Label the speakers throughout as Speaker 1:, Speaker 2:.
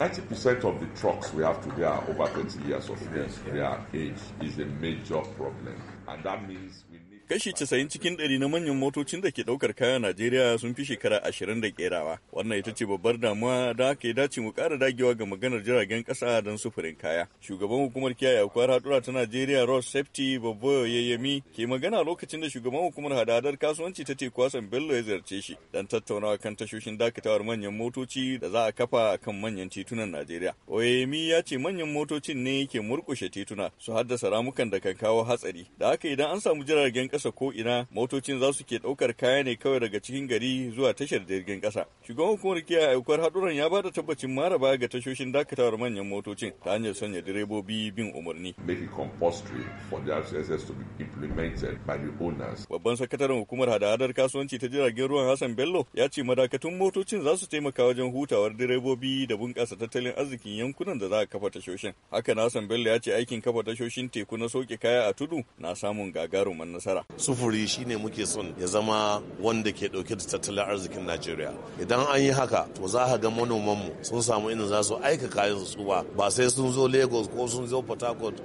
Speaker 1: 90% of the trucks we have today are over 30 years of age. Their age is a major problem. And that means we Kashi casa'in cikin ɗari na manyan motocin da ke ɗaukar kayan Najeriya sun fi shekara ashirin da kerawa. Wannan ita ce babbar damuwa da aka yi dace mu ƙara dagewa ga maganar jiragen ƙasa don sufurin kaya. Shugaban hukumar kiyaye aukuwar haɗura ta Najeriya Ross Safety babbo yayyami ke magana lokacin da shugaban hukumar hadadar kasuwanci ta teku kwasan Bello ya ziyarce shi don tattaunawa kan tashoshin dakatawar manyan motoci da za a kafa kan manyan titunan Najeriya. Oyemi ya ce manyan motocin ne ke murƙushe tituna su haddasa ramukan da kan kawo hatsari. Da haka idan an samu jiragen ƙasa kasa ko ina motocin za su ke ɗaukar kaya ne kawai daga cikin gari zuwa tashar jirgin kasa. Shugaban hukumar kiyaye aukuwar haduran ya bada tabbacin maraba ga tashoshin dakatawar manyan motocin ta hanyar sanya direbobi bin umarni. Babban sakataren hukumar hada-hadar kasuwanci ta jiragen ruwan Hassan Bello ya ce madakatun motocin za su taimaka wajen hutawar direbobi da bunƙasa tattalin arzikin yankunan da za a kafa tashoshin. Haka Hassan Bello ya ce aikin kafa tashoshin teku na soke
Speaker 2: kaya a tudu na samun gagaruman nasara. sufuri shi ne muke son ya zama wanda ke dauke da tattalin arzikin najeriya idan an yi haka to za ka ga manomanmu sun samu inda za su aika kayan su ba ba sai sun zo lagos ko sun zo port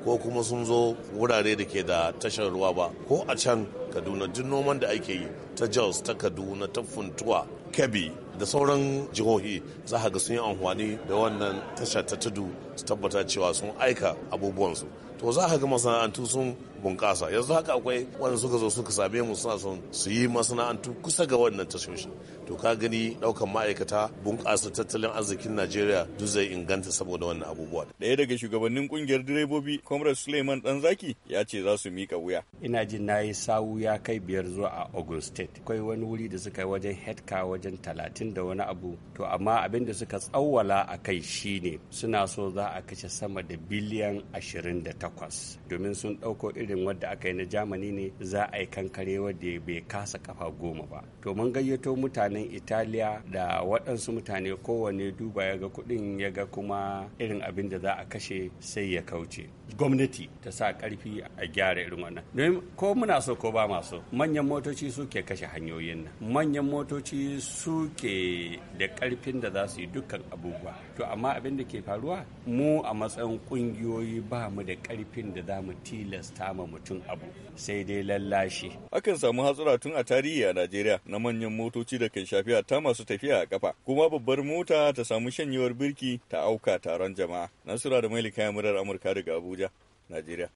Speaker 2: ko kuma sun zo wurare da ke da tashar ruwa ba ko a can kaduna duk noman da ake yi ta jos ta kaduna ta funtuwa kebbi da sauran jihohi za ka ga sun yi amfani da wannan tasha ta tudu su tabbata cewa sun aika abubuwansu to za ka ga masana'antu sun bunƙasa yanzu haka akwai wanda suka zo suka same mu suna son su yi masana'antu kusa ga wannan tashoshi to ka gani daukan ma'aikata bunƙasa tattalin arzikin najeriya duk zai inganta saboda wannan abubuwa
Speaker 1: ɗaya daga shugabannin kungiyar direbobi comrade suleiman ɗanzaki ya ce za su miƙa wuya
Speaker 3: ina jin na yi sawu ya kai biyar zuwa a ogun state akwai wani wuri da suka yi wajen hedka wajen talatin da wani abu to amma abin da suka tsawwala a kai shine suna so za a kashe sama da biliyan 28 domin sun ɗauko irin wadda aka yi na jamani ne za a yi kankare wadda bai kasa kafa goma ba to mun gayyato mutanen italiya da waɗansu mutane kowane duba ya ga kuɗin ya ga kuma irin abin da za a kashe sai ya kauce gwamnati ta sa ƙarfi a gyara irin wannan ko muna so ko ba kama manyan motoci suke kashe hanyoyin nan manyan motoci suke da karfin da za su yi dukkan abubuwa to amma abin da ke faruwa mu a matsayin kungiyoyi ba mu da karfin da za mu tilasta ma mutum abu sai dai lallashi
Speaker 1: akan samu hatsura tun a tarihi a najeriya na manyan motoci da kan shafi ta masu tafiya a kafa kuma babbar mota ta samu shanyewar birki ta auka taron jama'a nasura da mailika murar amurka daga abuja najeriya